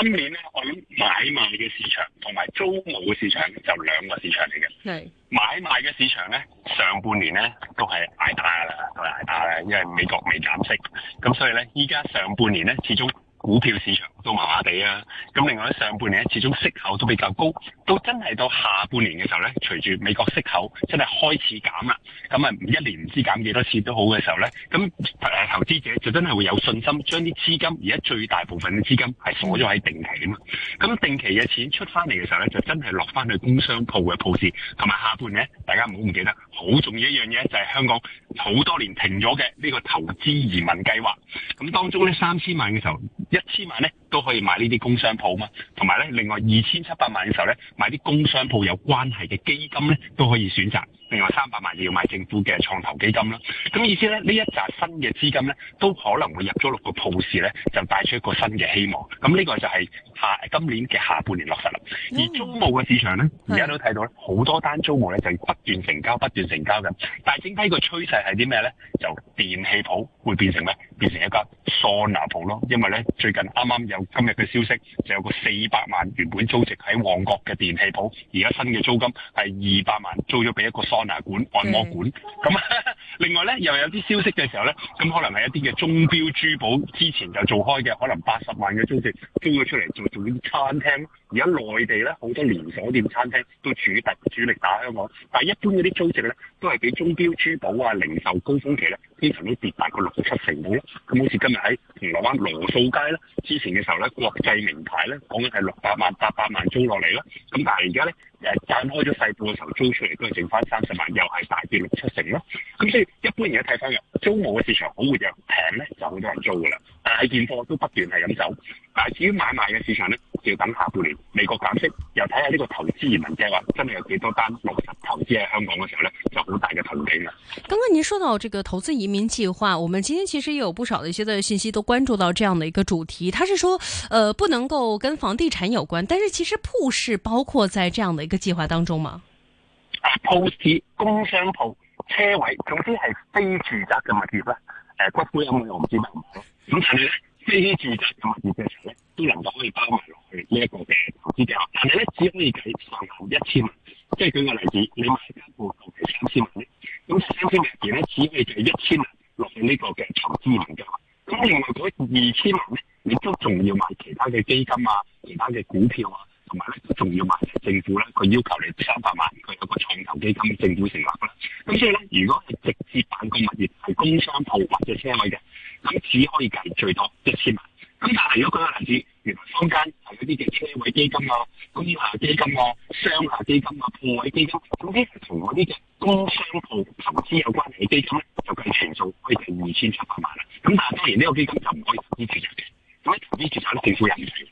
今年咧，我諗買賣嘅市場同埋租務嘅市場就兩個市場嚟嘅。係買賣嘅市場咧，上半年咧都係挨打噶啦，都係挨打啦，因為美國未減息，咁所以咧，依家上半年咧始終股票市場都麻麻地啊，咁另外咧上半年咧始終息口都比較高，到真係到下半年嘅時候咧，隨住美國息口真係開始減啦，咁啊唔一年唔知減幾多次都好嘅時候咧，咁誒投資者就真係會有信心將啲資金而家最大部分嘅資金係鎖咗喺定期啊嘛，咁定期嘅錢出翻嚟嘅時候咧，就真係落翻去工商鋪嘅鋪市，同埋下半年呢，大家唔好唔記得，好重要一樣嘢就係香港好多年停咗嘅呢個投資移民計劃，咁當中咧三千萬嘅時候。一千萬咧都可以買呢啲工商鋪啊，同埋咧另外二千七百萬嘅時候咧，買啲工商鋪有關係嘅基金咧都可以選擇。另外三百萬就要買政府嘅創投基金啦，咁意思咧，呢一扎新嘅資金咧，都可能會入咗六個鋪市咧，就帶出一個新嘅希望。咁呢個就係下今年嘅下半年落實啦。嗯、而租務嘅市場咧，而家、嗯、都睇到咧，好是多單租務咧就不斷成交不斷成交嘅。但係整體個趨勢係啲咩咧？就電器鋪會變成咩？變成一間桑拿鋪咯。因為咧，最近啱啱有今日嘅消息，就有個四百萬原本租值喺旺角嘅電器鋪，而家新嘅租金係二百萬租咗俾一個桑。牙館、按摩館咁的 另外咧又有啲消息嘅時候咧，咁可能係一啲嘅鐘錶珠寶之前就做開嘅，可能八十萬嘅租值租咗出嚟做做啲餐廳。而家內地咧，好多連鎖店餐廳都主突主力打香港，但係一般嗰啲租值咧，都係比鐘錶、珠寶啊、零售高峰期咧，經常都跌大概六七成好咧。咁好似今日喺銅鑼灣羅素街咧，之前嘅時候咧，國際名牌咧，講緊係六百萬、八百萬租落嚟啦，咁但係而家咧，站開咗細鋪嘅時候租出嚟，都係剩翻三十萬，又係大跌六七成咯。咁、嗯、所以一般而家睇翻嘅租務嘅市場好活躍，平咧就好多人租噶啦。誒，現貨都不斷係咁走，但係至於買賣嘅市場咧。要等下半年，美國減息，又睇下呢個投資移民計劃真係有幾多單六十投資喺香港嘅時候咧，就好大嘅前景啊！剛剛您說到這個投資移民計劃，我們今天其實也有不少的一些的信息，都關注到這樣的一個主題，它是說呃，不能夠跟房地產有關，但是其實鋪市包括在這樣的一個計劃當中嗎？啊，鋪市、工商鋪、車位，總之係非住宅嘅物業啦。誒、呃，骨灰有冇？我唔知道。咁但係咧，非住宅嘅物業嘅時候咧。都能夠可以包埋落去呢一個嘅投資計劃。但係咧，只可以計上投一千萬，即係舉個例子，你買間鋪到期三千萬，咁三千萬入邊咧，只可以計一千萬落去呢個嘅投資年金，咁另外嗰二千萬咧，你都仲要買其他嘅基金啊，其他嘅股票啊，同埋咧都仲要買政府呢？佢要求你三百萬，佢有個創投基金政府成立啦，咁所以咧，如果係直接辦公物業、係工商鋪或者車位嘅，咁只可以計最多一千萬。咁但係如果舉個例子，原來坊間有呢隻車位基金啊、工廈基金啊、商廈基金啊、鋪位基金、啊，咁呢同我呢隻工商鋪投資有關嘅基金，就計全數可以定二千七百萬啦。咁但係當然呢個基金就唔可以投資住宅嘅，咁呢投資住宅咧最少要幾多？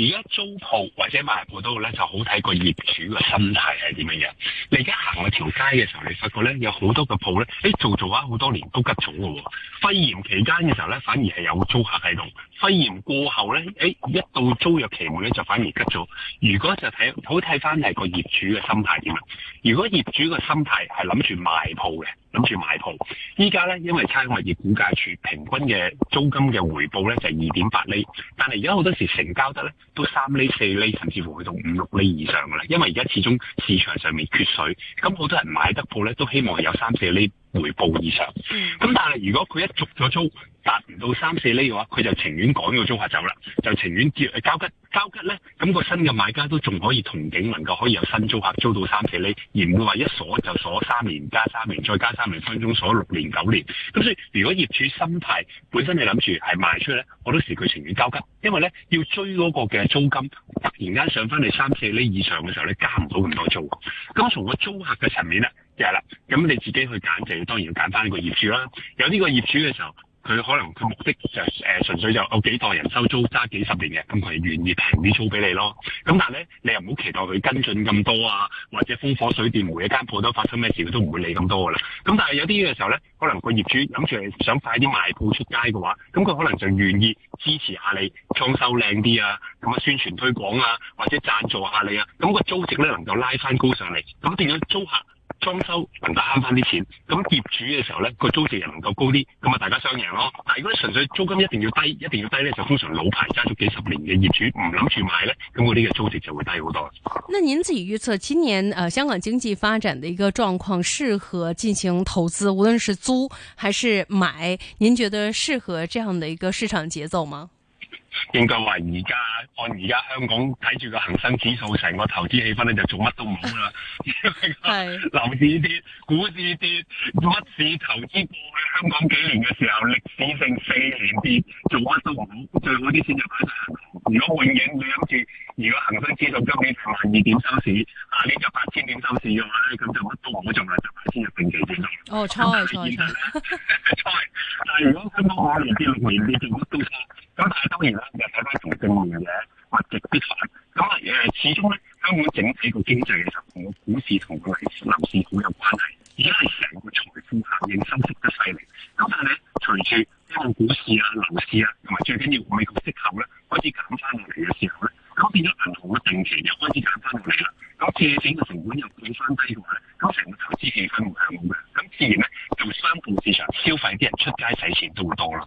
而家租鋪或者賣鋪都咧，就好睇個業主嘅心態係點樣。你而家行嗰條街嘅時候，你發覺咧有好多個鋪咧，誒做做下好多年都吉種嘅喎。肺炎期間嘅時候咧，反而係有租客喺度。肺炎過後咧，誒一到租約期末咧，就反而吉咗。如果就睇好睇翻係個業主嘅心態點啊？如果業主嘅心態係諗住賣鋪嘅，諗住賣鋪，依家咧因為差餉物業估價署平均嘅租金嘅回報咧就係二點八厘，但係而家好多時成交得咧。都三厘四厘，甚至乎去到五六厘以上嘅啦。因為而家始終市場上面缺水，咁好多人買得鋪咧，都希望係有三四厘。回報以上，咁但係如果佢一續咗租達唔到三四厘嘅話，佢就情願趕個租客走啦，就情願交吉交吉咧。咁個新嘅買家都仲可以同景，能夠可以有新租客租到三四厘，而唔會話一鎖就鎖三年加三年再加三年，分鐘鎖六年九年。咁所以如果業主心態本身你諗住係賣出去咧，好多時佢情願交吉，因為咧要追嗰個嘅租金突然間上翻嚟三四厘以上嘅時候，你加唔到咁多租。咁從個租客嘅層面咧，就係啦，咁你自己去揀你當然要揀翻呢個業主啦，有呢個業主嘅時候，佢可能佢目的就誒純粹就有幾代人收租揸幾十年嘅，咁佢願意平啲租俾你咯。咁但係呢，你又唔好期待佢跟進咁多啊，或者風火水電煤一間鋪都發生咩事，佢都唔會理咁多噶啦。咁但係有啲嘅時候呢，可能個業主諗住係想快啲賣鋪出街嘅話，咁佢可能就願意支持下你裝修靚啲啊，咁啊宣傳推廣啊，或者贊助下你啊，咁個租值呢，能夠拉翻高上嚟，咁變咗租客。裝修能得慳翻啲錢，咁業主嘅時候呢，個租值又能夠高啲，咁啊大家雙贏咯。但係如果純粹租金一定要低，一定要低呢，就通常老牌揸咗幾十年嘅業主唔諗住買呢，咁我呢個租值就會低好多。那您自己預測今年誒、呃、香港經濟發展的一個狀況，適合進行投資，無論是租還是買，您覺得適合這樣的一個市場節奏嗎？應該話而家按而家香港睇住個恒生指數成個投資氣氛咧，就做乜都唔好啦。係樓 是 市跌、股市跌、乜市投資過去香港幾年嘅時候，歷史性四年跌，做乜都唔好，最好啲先就買晒香港。如果永影你諗住，如果恒生指數今年萬二點收市，啊呢就八千點收市嘅話咧，咁就乜都唔好做啦，就八千入定幾點做。哦，猜但係初試 如果香港兩年跌、年跌，就乜都差。咁但係當然啦，咧，又睇翻同正門嘅嘢極必反。咁、啊、誒、啊，始終咧，香港整體個經濟嘅時候，同個股市同個樓市好有關係。而家係成個財富效應收縮得犀利。咁、啊、但係咧，隨住香港股市啊、樓市啊，同埋最緊要美國息口咧開始減翻落嚟嘅時候咧，咁變咗銀行嘅定期又開始減翻落嚟啦。咁借錢嘅成本又降翻低嘅話，咁、啊、成個投資氣氛會向好嘅。咁、啊、自然咧，就商鋪市場消費啲人出街使錢都會多啦。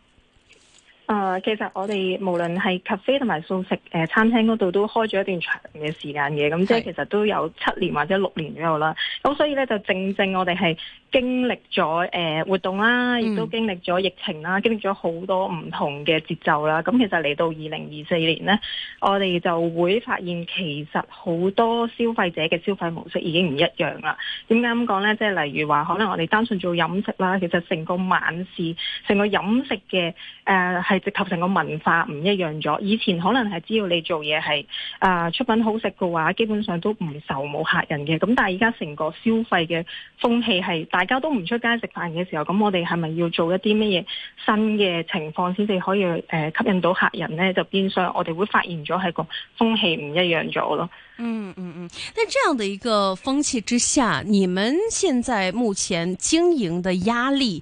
啊、嗯，其實我哋無論係咖啡同埋素食誒、呃、餐廳嗰度都開咗一段長嘅時間嘅，咁即係其實都有七年或者六年左右啦。咁所以咧就正正我哋係經歷咗誒、呃、活動啦，亦都經歷咗疫情啦，經歷咗好多唔同嘅節奏啦。咁其實嚟到二零二四年咧，我哋就會發現其實好多消費者嘅消費模式已經唔一樣啦。點解咁講咧？即、就、係、是、例如話，可能我哋單純做飲食啦，其實成個晚市、成個飲食嘅誒係。呃即及成個文化唔一樣咗，以前可能係只要你做嘢，係誒出品好食嘅話，基本上都唔愁冇客人嘅。咁但係而家成個消費嘅風氣係大家都唔出街食飯嘅時候，咁我哋係咪要做一啲乜嘢新嘅情況先至可以誒、呃、吸引到客人呢？就變相我哋會發現咗係個風氣唔一樣咗咯、嗯。嗯嗯嗯，但這樣的一個風氣之下，你們現在目前經營的壓力？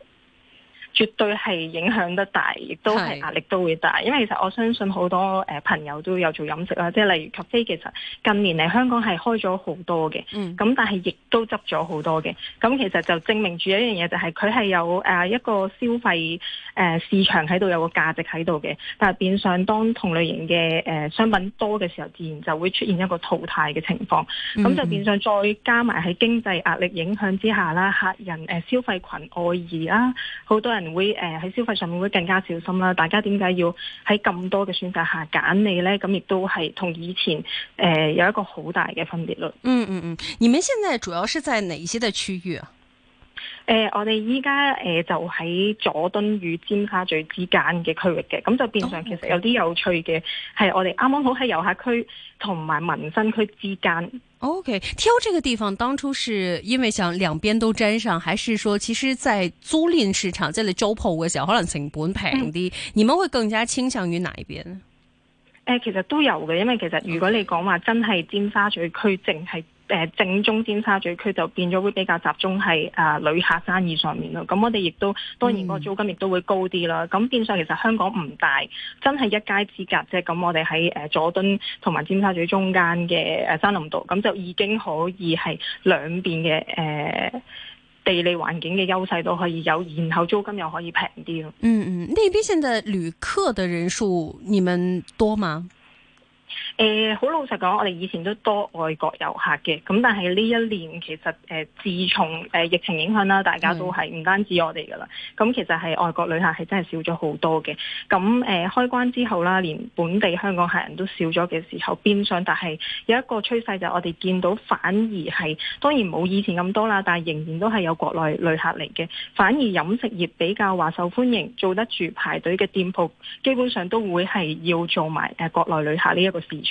絕對係影響得大，亦都係壓力都會大。是因為其實我相信好多誒朋友都有做飲食啦，即係例如咖啡，其實近年嚟香港係開咗好多嘅，咁、嗯、但係亦都執咗好多嘅。咁其實就證明住一樣嘢，就係佢係有誒一個消費誒市場喺度，有個價值喺度嘅。但係變相當同類型嘅誒商品多嘅時候，自然就會出現一個淘汰嘅情況。咁、嗯、就變相再加埋喺經濟壓力影響之下啦，客人誒消費群外移啦，好多人。會誒喺消費上面會更加小心啦，大家點解要喺咁多嘅選擇下揀你咧？咁亦都係同以前誒有一個好大嘅分別咯。嗯嗯嗯，你們現在主要是在哪一些的區域？誒、呃，我哋依家誒就喺佐敦與尖沙咀之間嘅區域嘅，咁就變相其實有啲有趣嘅係、oh, okay. 我哋啱啱好喺遊客區同埋民生區之間。O、okay. K，挑這個地方當初是因為想兩邊都沾上，還是說其實在租賃市場即係你租鋪嘅時候可能成本平啲，嗯、你哋會更加傾向於哪一邊？誒、呃，其實都有嘅，因為其實如果你講話真係尖沙咀區淨係。誒正宗尖沙咀區就變咗會比較集中係啊旅客生意上面咯，咁我哋亦都當然個租金亦都會高啲啦。咁變相其實香港唔大，真係一街之隔啫。咁我哋喺誒佐敦同埋尖沙咀中間嘅誒山林道，咁就已經可以係兩邊嘅誒地理環境嘅優勢都可以有，然後租金又可以平啲咯。嗯嗯，呢邊現在旅客的人數，你們多嗎？誒好老實講，我哋以前都多外國遊客嘅，咁但係呢一年其實、呃、自從、呃、疫情影響啦，大家都係唔單止我哋噶啦，咁其實係外國旅客係真係少咗好多嘅。咁誒、呃、開關之後啦，連本地香港客人都少咗嘅時候，變相但係有一個趨勢就係我哋見到反而係當然冇以前咁多啦，但係仍然都係有國內旅客嚟嘅，反而飲食業比較話受歡迎，做得住排隊嘅店鋪基本上都會係要做埋誒、呃、國內旅客呢一個市場。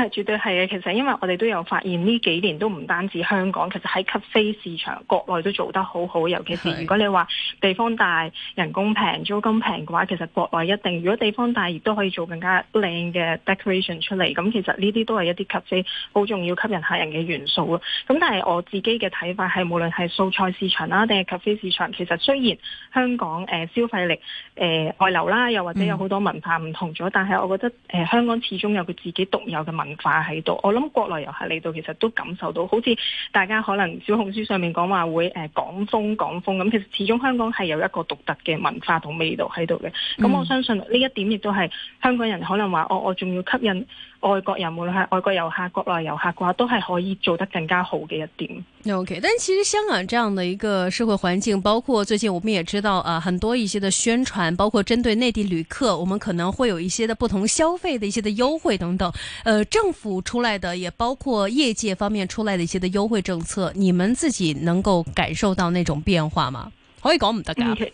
係絕對係嘅，其實因為我哋都有發現呢幾年都唔單止香港，其實喺咖啡市場國內都做得好好。尤其是如果你話地方大、人工平、租金平嘅話，其實國內一定如果地方大，亦都可以做更加靚嘅 decoration 出嚟。咁其實呢啲都係一啲咖啡好重要吸引客人嘅元素啊。咁但係我自己嘅睇法係，無論係素菜市場啦，定係咖啡市場，其實雖然香港、呃、消費力、呃、外流啦，又或者有好多文化唔同咗，嗯、但係我覺得、呃、香港始終有佢自己獨有嘅文。文化喺度，我諗國內遊客嚟到其實都感受到，好似大家可能小紅書上面講話會誒、呃、港風港風咁，其實始終香港係有一個獨特嘅文化同味道喺度嘅。咁、嗯、我相信呢一點亦都係香港人可能話哦，我仲要吸引外國人，無論係外國遊客、國內遊客嘅話都係可以做得更加好嘅一點。OK，但其實香港這樣的一個社會環境，包括最近我們也知道啊，很多一些的宣傳，包括針對內地旅客，我們可能會有一些的不同消費的一些的優惠等等，呃。政府出來的，也包括業界方面出來的一些的優惠政策，你們自己能夠感受到那種變化嗎？可以講唔得噶，係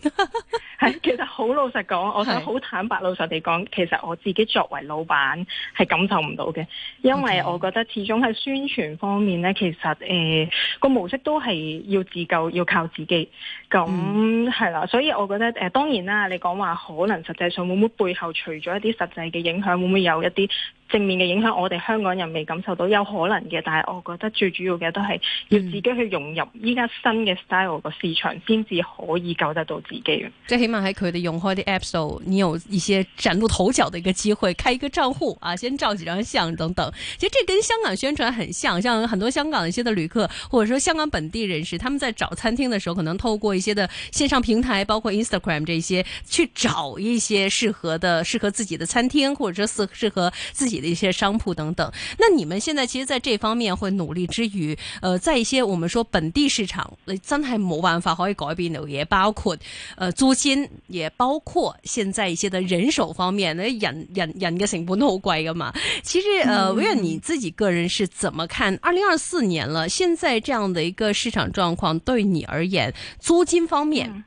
Okay. 其實好老實講，我想好坦白老實地講，是其實我自己作為老闆係感受唔到嘅，因為我覺得始終喺宣傳方面咧，其實誒個、呃、模式都係要自救，要靠自己。咁係啦，所以我覺得誒、呃，當然啦，你講話可能實際上會唔會背後除咗一啲實際嘅影響，會唔會有一啲？正面嘅影響，我哋香港人未感受到，有可能嘅，但係我覺得最主要嘅都係要自己去融入依家新嘅 style 個市場先至可以救得到自己嘅。最、嗯、起碼喺佢哋用開啲 apps 你有一些嶄露頭角嘅一個機會，開一個賬戶啊，先照幾張相等等。其實這跟香港宣傳很像，像很多香港一些的旅客，或者說香港本地人士，他們在找餐廳的時候，可能透過一些的線上平台，包括 Instagram 這些，去找一些適合的、適合自己的餐廳，或者說適合自己。的一些商鋪等等，那你們現在其實在這方面會努力之餘，呃，在一些我們說本地市場，真係冇辦法可以改變到嘢，包括呃租金，也包括現在一些的人手方面，人人人嘅成本都好貴噶嘛。其實呃，Rion 你自己個人是怎麼看，二零二四年了，現在這樣的一個市場狀況，對你而言，租金方面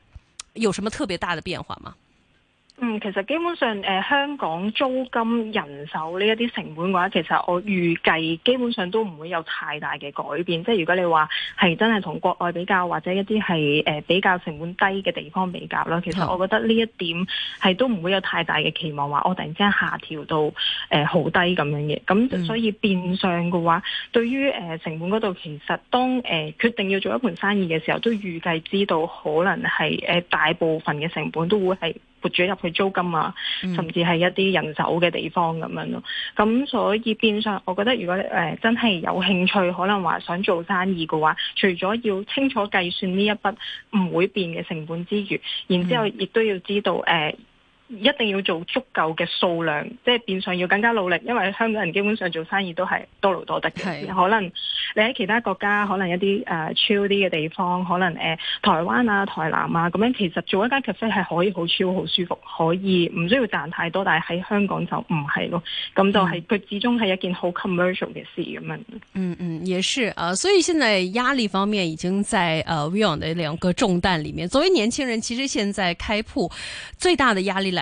有什麼特別大的變化嗎？嗯，其實基本上、呃、香港租金、人手呢一啲成本嘅話，其實我預計基本上都唔會有太大嘅改變。即係如果你話係真係同國外比較，或者一啲係、呃、比較成本低嘅地方比較啦，其實我覺得呢一點係都唔會有太大嘅期望話，說我突然之間下調到誒好、呃、低咁樣嘅。咁所以變相嘅話，對於、呃、成本嗰度，其實當誒、呃、決定要做一盤生意嘅時候，都預計知道可能係、呃、大部分嘅成本都會係。撥住入去租金啊，甚至係一啲人手嘅地方咁樣咯。咁、嗯、所以變相，我覺得如果誒、呃、真係有興趣，可能話想做生意嘅話，除咗要清楚計算呢一筆唔會變嘅成本之餘，然之後亦都要知道誒。呃一定要做足夠嘅數量，即係變相要更加努力，因為香港人基本上做生意都係多勞多得嘅。是可能你喺其他國家，可能一啲誒 chill 啲嘅地方，可能誒、呃、台灣啊、台南啊咁樣，其實做一間 cafe 係可以好 chill 好舒服，可以唔需要賺太多，但係喺香港就唔係咯。咁就係、是、佢、嗯、始終係一件好 commercial 嘅事咁樣，嗯嗯。也是啊，uh, 所以現在壓力方面已經在誒、uh, Rion 的兩個重擔裏面。作為年輕人，其實現在開鋪最大的壓力來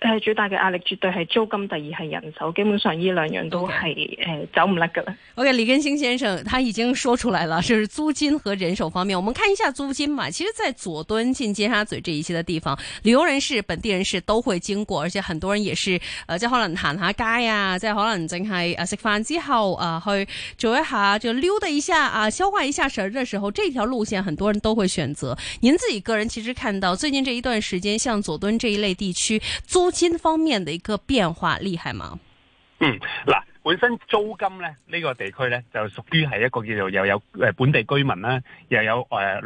誒，最大嘅壓力絕對係租金，第二係人手，基本上呢兩樣都係 Okay.、呃、走唔甩嘅啦。OK，李根興先生，他已經說出來了就是，是租金和人手方面，我們看一下租金嘛。其實在佐敦、近尖沙咀這一些的地方，旅遊人士、本地人士都會經過，而且很多人也是誒，即、呃、可能行下街啊，即係可能淨係誒食飯之後誒、啊、去做一下，就溜達一下啊，消化一下食嘅時候，這條路線很多人都會選擇。您自己個人其實看到最近這一段時間，像佐敦這一類地區租。租金方面的一個變化厲害嗎？嗯，嗱，本身租金咧呢、呢個地區咧就屬於係一個叫做又有誒本地居民啦、啊，又有誒，呃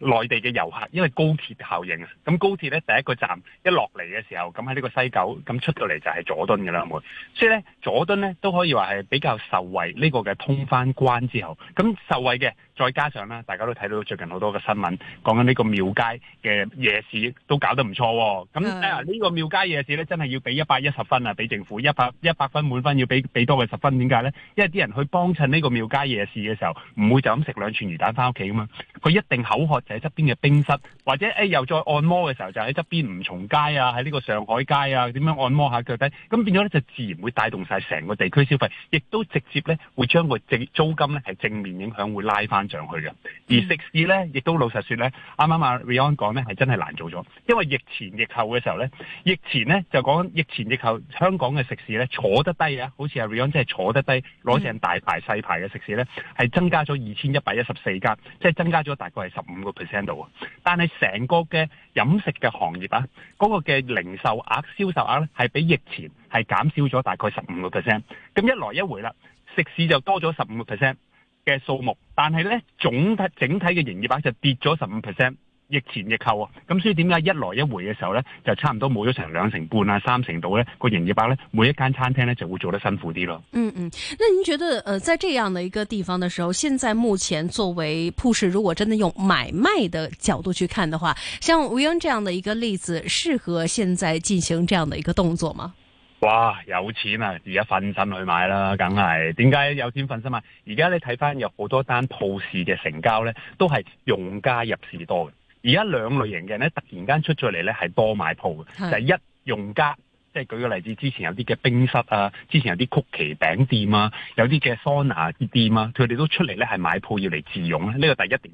內地嘅遊客，因為高鐵效應啊，咁高鐵咧第一個站一落嚟嘅時候，咁喺呢個西九，咁出到嚟就係佐敦嘅啦，係咪？所以咧佐敦咧都可以話係比較受惠呢個嘅通翻關之後，咁受惠嘅，再加上咧，大家都睇到最近好多嘅新聞，講緊呢個廟街嘅夜市都搞得唔錯喎，咁的啊呢個廟街夜市咧真係要俾一百一十分啊，俾政府一百一百分滿分，要俾俾多佢十分，點解咧？因為啲人去幫襯呢個廟街夜市嘅時候，唔會就咁食兩串魚蛋翻屋企噶嘛，佢一定口渴。喺側邊嘅冰室，或者誒、哎、又再按摩嘅時候，就喺側邊吳松街啊，喺呢個上海街啊，點樣按摩下腳底，咁變咗咧就自然會帶動晒成個地區消費，亦都直接咧會將個正租金咧係正面影響會拉翻上去嘅。而食肆咧，亦都老實説咧，啱啱阿 Rion 講咧係真係難做咗，因為疫前疫後嘅時候咧，疫前咧就講疫前疫後香港嘅食肆咧坐得低啊，好似阿 Rion 即係坐得低，攞剩大牌細牌嘅食肆咧係增加咗二千一百一十四間，即係增加咗大概係十五個 percent 度，但係成個嘅飲食嘅行業啊，嗰、嗰個嘅零售額、銷售額咧係比疫前係減少咗大概十五個 percent。咁一來一回啦，食肆就多咗十五個 percent 嘅數目，但係咧總體整體嘅營業額就跌咗十五 percent。一前一後啊，咁所以點解一來一回嘅時候呢，就差唔多冇咗成兩成半啊、三成度呢個營業額呢，每一間餐廳呢就會做得辛苦啲咯。嗯嗯，那您覺得，呃，在這樣的一個地方的時候，現在目前作為鋪市，如果真的用買賣的角度去看的話，像 Rion 這樣的一個例子，適合現在進行這樣的一個動作嗎？哇，有錢啊，而家瞓身去買啦，梗係。點解有錢瞓身啊？而家你睇翻有好多單鋪市嘅成交呢，都係用家入市多嘅。而家兩類型嘅人咧，突然間出咗嚟咧，係多買鋪嘅。是就係一用家，即係舉個例子，之前有啲嘅冰室啊，之前有啲曲奇餅店啊，有啲嘅桑拿啲店啊，佢哋都出嚟咧，係買鋪要嚟自用咧。呢個第一點。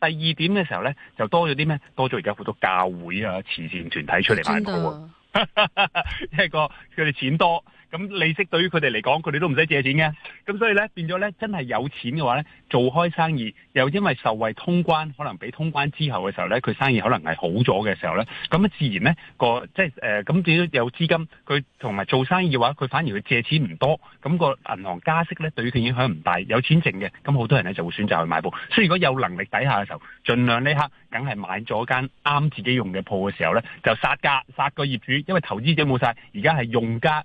第二點嘅時候咧，就多咗啲咩？多咗而家好多教會啊、慈善團體出嚟買鋪。啊的。哈哈哈，個佢哋錢多。咁利息對於佢哋嚟講，佢哋都唔使借錢嘅。咁所以呢，變咗呢，真係有錢嘅話呢，做開生意又因為受惠通關，可能俾通關之後嘅時候呢，佢生意可能係好咗嘅時候呢。咁啊自然呢個即係誒咁變咗有資金，佢同埋做生意嘅話，佢反而佢借錢唔多，咁個銀行加息呢，對於佢影響唔大，有錢剩嘅，咁好多人呢就會選擇去買鋪。所以如果有能力底下嘅時候，儘量呢刻梗係買咗間啱自己用嘅鋪嘅時候呢，就殺價殺個業主，因為投資者冇晒，而家係用家。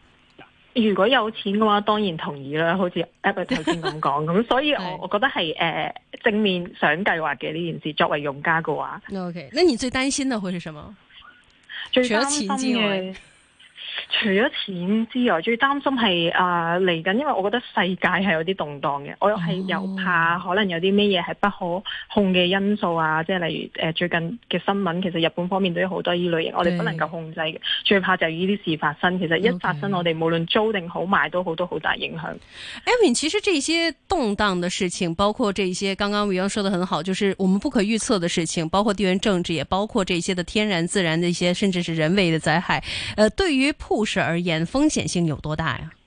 如果有錢嘅話當然同意啦。好似 Alex 頭先咁講，咁， 所以我我覺得係誒正面想計劃嘅呢件事，作為用家嘅話 O、okay. K，那你最擔心的會是什麼？最擔心的會除咗錢之外。除咗錢之外，最擔心係啊嚟緊，因為我覺得世界係有啲動盪嘅，oh. 我係又怕可能有啲咩嘢係不可控嘅因素啊，即係例如誒、呃、最近嘅新聞，其實日本方面都有好多呢類型，我哋不能夠控制嘅，對最怕就係呢啲事發生。其實一發生我，我哋 Okay. 無論租定好買都好，多好大影響。艾敏，其實這些動盪的事情，包括這些，剛剛 Rion 說得說很好，就是我們不可預測的事情，包括地緣政治，也包括這些的天然、自然的一些，甚至是人為的災害。呃，對於樓市而言，風險性有多大呀、啊？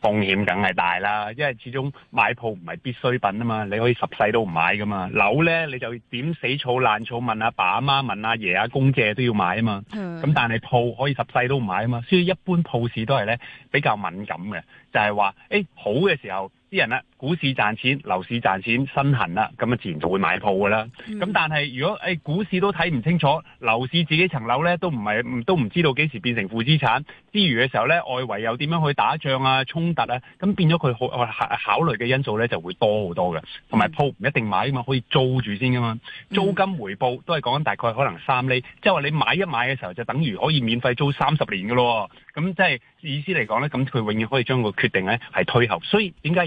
風險梗係大啦，因為始終買鋪唔係必需品啊嘛，你可以十世都唔買噶嘛。樓呢你就點死草爛草問阿、啊、爸阿媽問阿、啊、爺阿公借都要買啊嘛。咁、嗯、但係鋪可以十世都唔買啊嘛，所以一般鋪市都係呢比較敏感嘅，就係話誒好嘅時候。啲人、啊、股市賺錢，樓市賺錢，身痕啦、啊，咁啊自然就會買鋪噶啦。咁、嗯、但係如果誒、欸、股市都睇唔清楚，樓市自己層樓咧都唔係唔都唔知道幾時變成負資產之餘嘅時候咧，外圍又點樣去打仗啊、衝突啊，咁變咗佢好考慮嘅因素咧就會多好多嘅。同埋鋪唔一定買啊嘛，可以租住先噶嘛，租金回報都係講緊大概可能三厘，即係話你買一買嘅時候就等於可以免費租三十年噶咯。咁即係意思嚟講咧，咁佢永遠可以將個決定咧係推後。所以點解？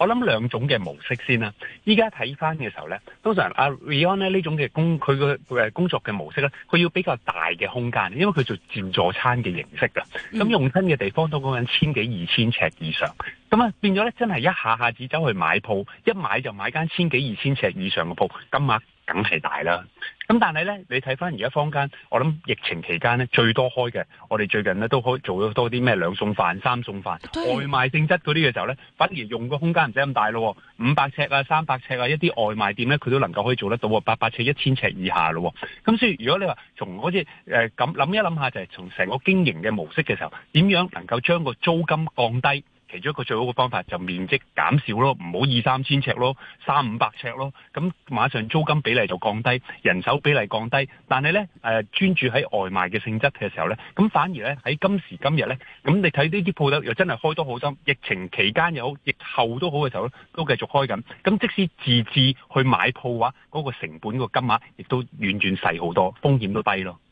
我諗兩種嘅模式先啦，依家睇翻嘅時候咧，通常阿 r e o n 咧呢種嘅工，佢嘅工作嘅模式咧，佢要比較大嘅空間，因為佢做自助餐嘅形式㗎，咁、嗯、用身嘅地方都講緊千幾二千尺以上，咁啊變咗咧真係一下下子走去買鋪，一買就買間千幾二千尺以上嘅鋪，梗係大啦，咁但係呢，你睇翻，而家坊間，我諗疫情期間呢，最多開嘅，我哋最近呢，都可以做咗多啲咩兩餸飯、三餸飯、對外賣性質嗰啲嘅時候呢，反而用個空間唔使咁大咯，五百尺啊、三百尺啊，一啲外賣店呢，佢都能夠可以做得到喎。八百尺、一千尺以下咯。咁所以如果你話從好似誒咁諗一諗下，就係從成個經營嘅模式嘅時候，點樣能夠將個租金降低？其中一個最好嘅方法就面積減少咯，唔好二三千尺咯，三五百尺咯，咁馬上租金比例就降低，人手比例降低，但係呢，誒、呃、專注喺外賣嘅性質嘅時候呢，咁反而呢，喺今時今日呢，咁你睇呢啲鋪頭又真係開得好心，疫情期間又好，疫後都好嘅時候呢都繼續開緊，咁即使自置去買鋪嘅話，嗰、那個成本個金額亦都遠遠細好多，風險都低咯。